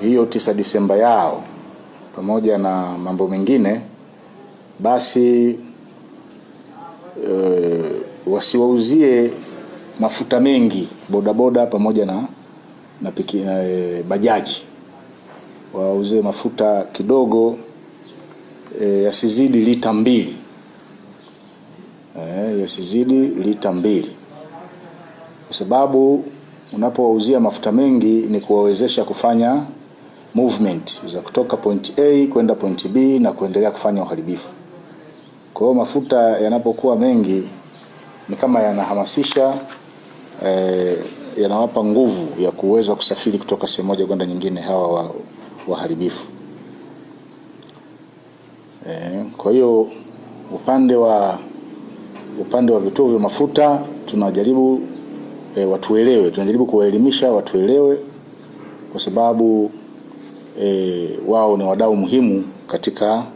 hiyo tisa Disemba yao pamoja na mambo mengine, basi e, wasiwauzie mafuta mengi bodaboda pamoja na, na, piki, na e, bajaji wauzie mafuta kidogo e, yasizidi lita mbili e, yasizidi lita mbili kwa sababu unapowauzia mafuta mengi ni kuwawezesha kufanya movement za kutoka point A kwenda point B na kuendelea kufanya uharibifu. Kwa hiyo mafuta yanapokuwa mengi ni kama yanahamasisha eh, yanawapa nguvu ya kuweza kusafiri kutoka sehemu moja kwenda nyingine hawa waharibifu wa eh. Kwa hiyo upande wa upande wa vituo vya mafuta tunajaribu eh, watuelewe, tunajaribu kuwaelimisha watuelewe kwa sababu wao ni wadau muhimu katika